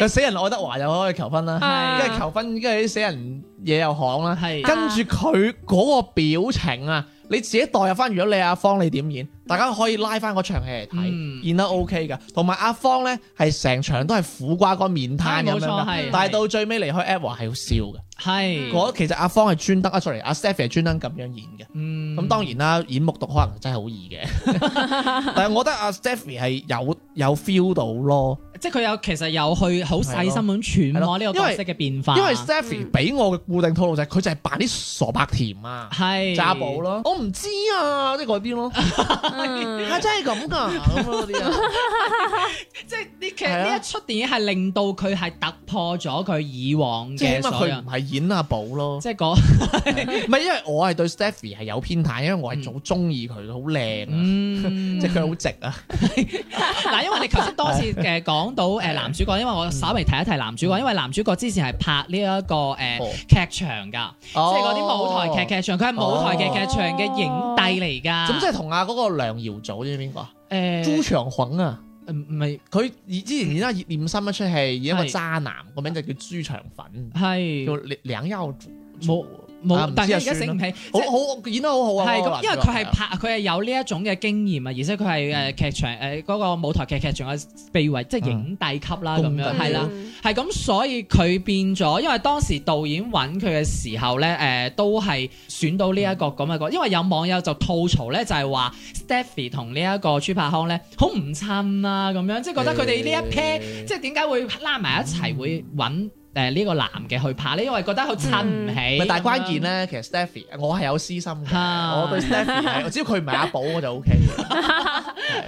個死人愛德華又可以求婚啦，跟住是求婚，跟住啲死人嘢又行啦，係是，跟住佢嗰個表情啊！你自己代入翻，如果你阿方你點演，大家可以拉翻嗰場戲嚟睇，演、嗯、得 OK 嘅。同埋阿方咧，係成場都係苦瓜哥面癱咁樣，嗯、但係到最尾離開 Edward 係要笑嘅。係是，嗯、其實阿方係專登出嚟，阿 Stephie 係專登咁樣演嘅。咁、嗯、當然啦，演木獨可能真係好易嘅， 但係我覺得阿 Stephie 係有有 feel 到咯。即係佢有，其實有去好細心咁揣摩呢個角色嘅變化。因為，因為 Stephy 俾我嘅固定套路就係佢就係扮啲傻白甜啊，阿寶是咯。我唔知啊，即係嗰啲咯，真係咁噶，咁嗰啲啊，即係其實呢一出電影係令到佢係突破咗佢以往嘅所有。即係因為佢唔係演阿寶咯，即係嗰，唔係因為我係對 Stephy 係有偏袒，因為我係好中意佢，好靚即係佢好直啊。嗱 因為你頭先多次嘅講。講到誒男主角，因為我稍微提一提男主角，因為男主角之前係拍呢一個誒劇場噶即係嗰啲舞台劇劇場，佢係舞台劇劇場嘅影帝嚟噶咁即係同阿嗰個梁耀祖知唔知邊個？誒，朱長粉啊，唔唔係，佢之前演阿葉念琛一出戲演一個渣男，個名就叫朱長粉，係叫梁耀祖。冇，但係而家醒唔起，好好演得好好啊！係咁，因為佢係拍，佢係有呢一種嘅經驗啊，而且佢係誒劇場誒嗰個舞台劇劇場嘅地位，即係影帝級啦咁樣，係啦，係咁，所以佢變咗，因為當時導演揾佢嘅時候咧，誒都係選到呢一個咁嘅個，因為有網友就吐槽咧，就係話 Stephy 同呢一個朱柏康咧好唔襯啦，咁樣即係覺得佢哋呢一 pair 即係點解會拉埋一齊會揾，誒呢個男嘅去拍咧，因為覺得佢襯唔起。但係關鍵咧，其實 Stephy，我係有私心嘅。我對 Stephy，只要佢唔係阿寶，我就 OK 嘅。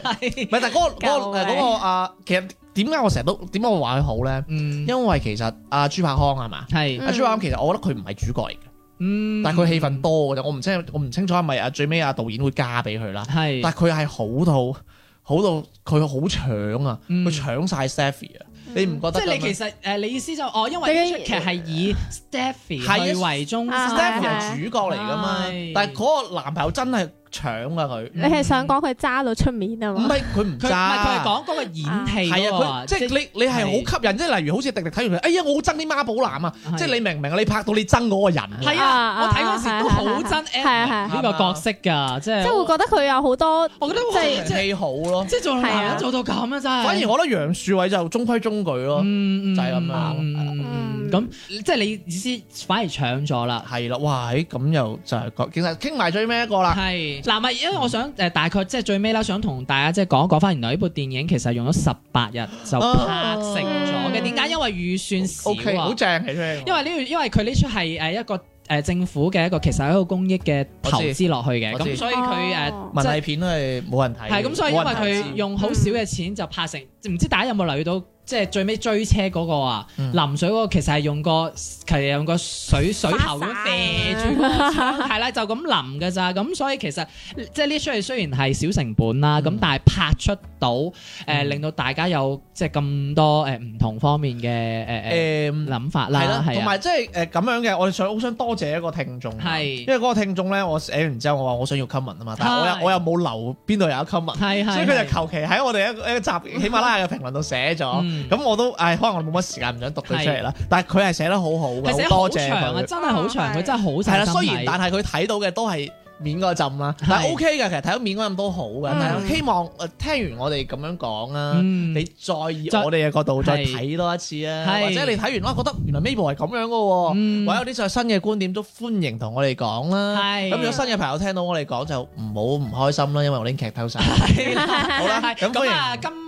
係咪？但係嗰個嗰個嗰個啊，其實點解我成日都點解我話佢好咧？因為其實阿朱柏康係嘛？係阿朱柏康其實我覺得佢唔係主角嚟嘅。但係佢戲份多嘅，我唔清我唔清楚係咪啊？最尾阿導演會加俾佢啦。係，但係佢係好到好到佢好搶啊！佢搶晒 Stephy 啊！你唔覺得嗎？即係你其實誒，你意思就哦，因為呢出劇係以 Stephy 係為中心，Stephy 係主角嚟㗎嘛， 但係嗰個男朋友真係。搶啊佢！你係想講佢揸到出面啊？唔係佢唔揸，唔係，佢係講講嗰個演戲。係啊，即係你你係好吸引，即係例如好似迪迪睇完佢，哎呀我好憎啲媽寶男啊！即係你明唔明，你拍到你憎嗰個人。係啊，我睇嗰時都好憎呢個角色噶，即係。即係會覺得佢有好多，我覺得即係戲好咯，即係做男人做到咁啊真係。反而我覺得楊樹偉就中規中矩咯，就係咁樣。咁即係你意思反而搶咗啦，係啦，哇，咁又就係其實傾埋最尾一個啦，係。嗱咪，因為我想誒、呃、大概即係最尾啦，想同大家即係講一講翻原來呢部電影其實用咗十八日就拍成咗嘅。點解、啊？因為預算少啊。哦、okay, 好正因為呢、呢個，因為佢呢出係誒一個誒政府嘅一個,一個其實係一個公益嘅投資落去嘅。咁所以佢誒、啊呃、文藝片都係冇人睇。係咁，所以因為佢用好少嘅錢就拍成，唔、嗯、知大家有冇留意到？即係最尾追車嗰、那個啊，淋水嗰個其實係用個其用個水水喉咁射住，係啦發燒，就咁淋㗎咋。咁、嗯、所以其實即係呢出戲雖然係小成本啦，咁但係拍出到誒、呃、令到大家有即係咁多誒唔、呃、同方面嘅誒誒諗法啦。係啦，同埋即係誒咁樣嘅，我哋想好想，想多謝一個聽眾，係的因為嗰個聽眾咧，我寫完之後我話我想要 comment 啊嘛，但係我又的我又冇留邊度有一 comment，所以佢就求其喺我哋一一個集喜馬拉雅嘅評論度寫咗。咁我都誒，可能我冇乜時間，唔想讀佢出嚟啦。但係佢係寫得好好嘅，好多謝。係真係好長，佢真係好細心睇。係啦，雖然但係佢睇到嘅都係面嗰浸啦，但係 OK 嘅。其實睇到面嗰浸都好嘅。但係希望誒聽完我哋咁樣講啦，你再以我哋嘅角度再睇多一次啊。或者你睇完哇，覺得原來 Marvel 係咁樣嘅喎，或者有啲新嘅觀點都歡迎同我哋講啦。咁如果新嘅朋友聽到我哋講就唔好唔開心啦，因為我拎劇透晒。好啦，咁歡迎今。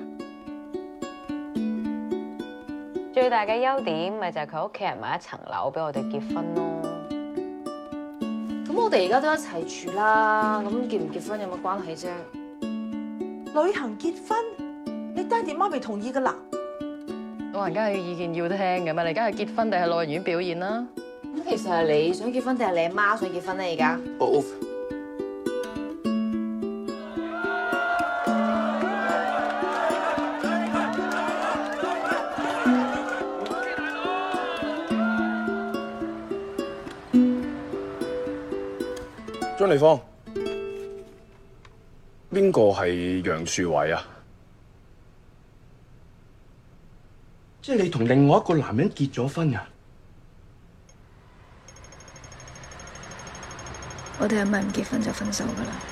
最大嘅優點咪就係佢屋企人買一層樓俾我哋結婚咯。咁我哋而家都一齊住啦。咁結唔結婚有乜關係啫？旅行結婚，你爹哋媽咪同意噶啦。老人家嘅意見要得聽嘅嘛。你而家係結婚定係老人院表演啦？咁其實係你想結婚定係你阿媽，媽想結婚咧？而家。對方邊個係楊樹偉啊？即係你同另外一個男人結咗婚呀？我哋係咪唔結婚就分手㗎喇？